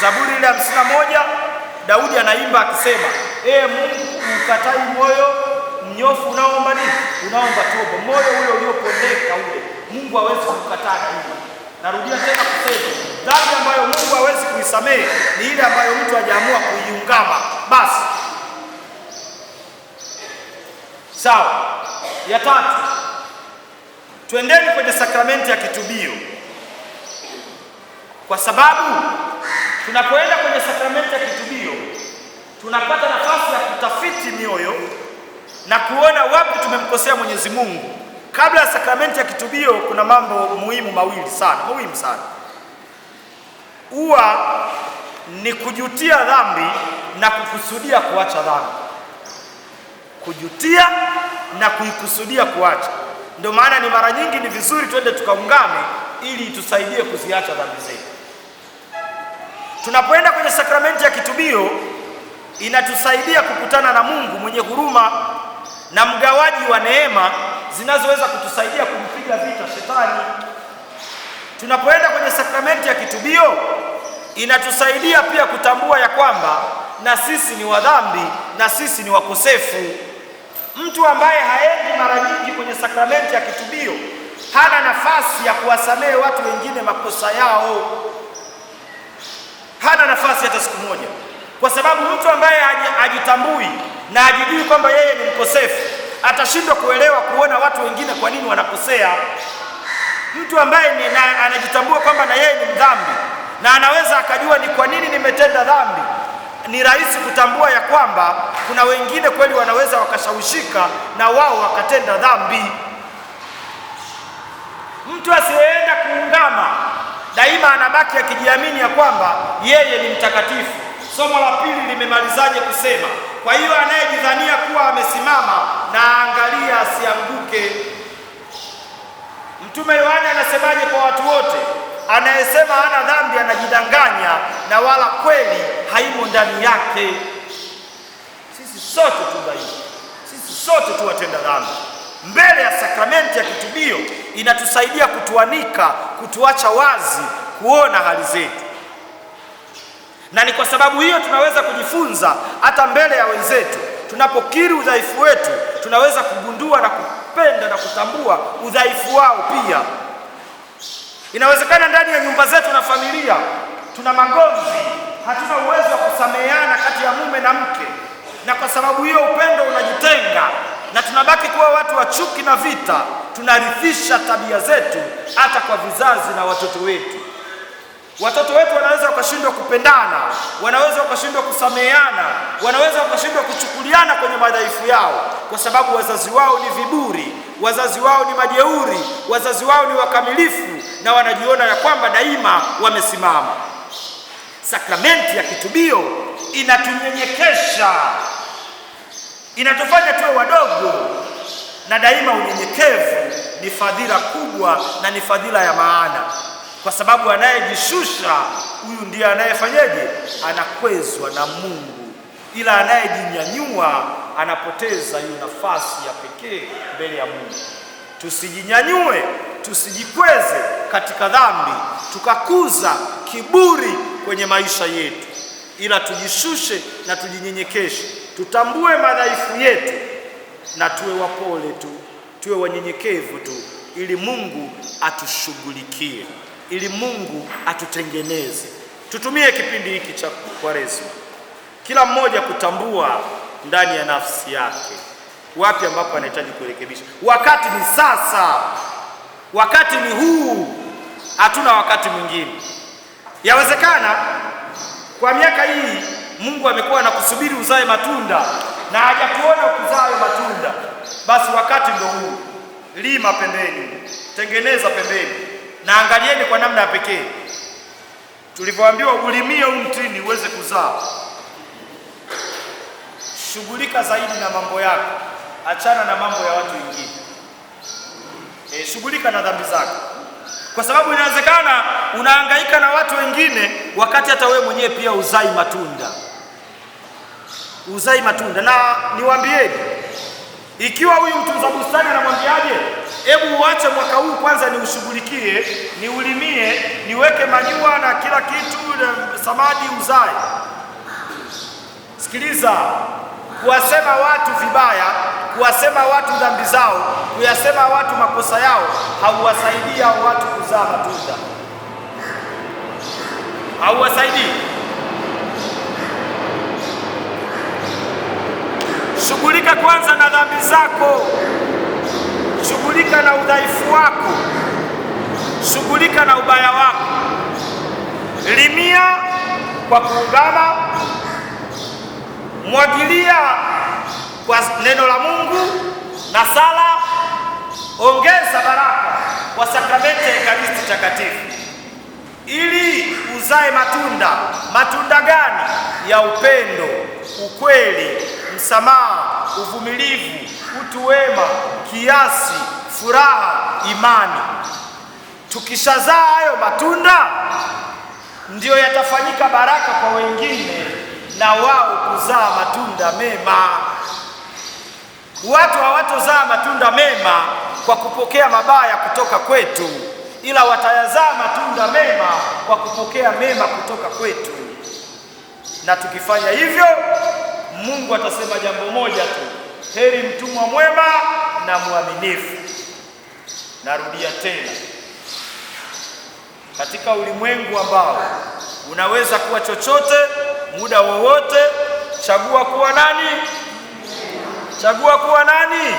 Zaburi ile hamsini na moja Daudi anaimba akisema, ee Mungu ukatai moyo mnyofu unaomba nini? Unaomba toba. Moyo ule uliopondeka ule Mungu hawezi kukataa daima. Narudia tena kusema dhambi ambayo Mungu hawezi kuisamehe ni ile ambayo mtu hajaamua kuiungama. Basi sawa. Ya tatu, twendeni kwenye sakramenti ya kitubio kwa sababu Tunapoenda kwenye sakramenti ya kitubio, tunapata nafasi ya kutafiti mioyo na kuona wapi tumemkosea Mwenyezi Mungu. Kabla ya sakramenti ya kitubio, kuna mambo muhimu mawili sana, muhimu sana huwa ni kujutia dhambi na kukusudia kuacha dhambi, kujutia na kuikusudia kuacha. Ndio maana ni mara nyingi ni vizuri twende tukaungame, ili itusaidie kuziacha dhambi zetu. Tunapoenda kwenye sakramenti ya kitubio inatusaidia kukutana na Mungu mwenye huruma na mgawaji wa neema zinazoweza kutusaidia kumpiga vita shetani. Tunapoenda kwenye sakramenti ya kitubio inatusaidia pia kutambua ya kwamba na sisi ni wadhambi na sisi ni wakosefu. Mtu ambaye haendi mara nyingi kwenye sakramenti ya kitubio hana nafasi ya kuwasamehe watu wengine makosa yao hana nafasi hata siku moja, kwa sababu mtu ambaye ajitambui na ajijui kwamba yeye ni mkosefu atashindwa kuelewa kuona watu wengine kwa nini wanakosea. Mtu ambaye ni na, anajitambua kwamba na yeye ni mdhambi na anaweza akajua ni kwa nini nimetenda dhambi, ni rahisi kutambua ya kwamba kuna wengine kweli wanaweza wakashawishika na wao wakatenda dhambi. Mtu asiyeenda kuungama daima anabaki akijiamini ya kwamba yeye ni mtakatifu. Somo la pili limemalizaje kusema? Kwa hiyo anayejidhania kuwa amesimama na angalia asianguke. Mtume Yohana anasemaje kwa watu wote? Anayesema hana dhambi anajidanganya na wala kweli haimo ndani yake. Sisi sote dhaifu, sisi sote tuwatenda dhambi. Mbele ya sakramenti ya kitubio inatusaidia kutuanika kutuacha wazi kuona hali zetu, na ni kwa sababu hiyo tunaweza kujifunza hata mbele ya wenzetu. Tunapokiri udhaifu wetu, tunaweza kugundua na kupenda na kutambua udhaifu wao pia. Inawezekana ndani ya nyumba zetu na familia tuna magomvi, hatuna uwezo wa kusameheana kati ya mume na mke, na kwa sababu hiyo upendo unajitenga na tunabaki kuwa watu wa chuki na vita tunarithisha tabia zetu hata kwa vizazi na watoto wetu. Watoto wetu wanaweza wakashindwa kupendana, wanaweza wakashindwa kusameheana, wanaweza wakashindwa kuchukuliana kwenye madhaifu yao, kwa sababu wazazi wao ni viburi, wazazi wao ni majeuri, wazazi wao ni wakamilifu, na wanajiona ya kwamba daima wamesimama. Sakramenti ya kitubio inatunyenyekesha, inatufanya tuwe wadogo na daima unyenyekevu ni fadhila kubwa na ni fadhila ya maana, kwa sababu anayejishusha huyu ndiye anayefanyaje? Anakwezwa na Mungu, ila anayejinyanyua anapoteza hiyo nafasi ya pekee mbele ya Mungu. Tusijinyanyue, tusijikweze katika dhambi, tukakuza kiburi kwenye maisha yetu, ila tujishushe na tujinyenyekeshe, tutambue madhaifu yetu na tuwe wapole tu, tuwe wanyenyekevu tu, ili Mungu atushughulikie, ili Mungu atutengeneze. Tutumie kipindi hiki cha Kwaresma, kila mmoja kutambua ndani ya nafsi yake wapi ambapo anahitaji kurekebisha. Wakati ni sasa, wakati ni huu, hatuna wakati mwingine. Yawezekana kwa miaka hii Mungu amekuwa anakusubiri uzae matunda na hajakuona ukuzayo matunda, basi wakati ndio huu. Lima pembeni, tengeneza pembeni, na angalieni kwa namna ya pekee tulivyoambiwa ulimie huu mtini uweze kuzaa. Shughulika zaidi na mambo yako, achana na mambo ya watu wengine. E, shughulika na dhambi zako, kwa sababu inawezekana unahangaika na watu wengine wakati hata wewe mwenyewe pia uzai matunda uzai matunda. Na niwaambieni, ikiwa huyu mtunza bustani anamwambiaje, hebu uache mwaka huu kwanza, niushughulikie, niulimie, niweke manyua na kila kitu, na samadi uzae. Sikiliza, kuwasema watu vibaya, kuwasema watu dhambi zao, kuyasema watu makosa yao, hauwasaidii hao watu kuzaa matunda, hauwasaidii. Shughulika kwanza na dhambi zako, shughulika na udhaifu wako, shughulika na ubaya wako. Limia kwa kuungama, mwagilia kwa neno la Mungu na sala, ongeza baraka kwa sakramenti ya Ekaristi Takatifu ili uzae matunda. Matunda gani? Ya upendo, ukweli msamaha, uvumilivu, utu wema, kiasi, furaha, imani. Tukishazaa hayo matunda, ndiyo yatafanyika baraka kwa wengine na wao kuzaa matunda mema. Watu hawatozaa matunda mema kwa kupokea mabaya kutoka kwetu, ila watayazaa matunda mema kwa kupokea mema kutoka kwetu, na tukifanya hivyo Mungu atasema jambo moja tu, heri mtumwa mwema na mwaminifu. Narudia tena, katika ulimwengu ambao unaweza kuwa chochote muda wowote, chagua kuwa nani? Chagua kuwa nani?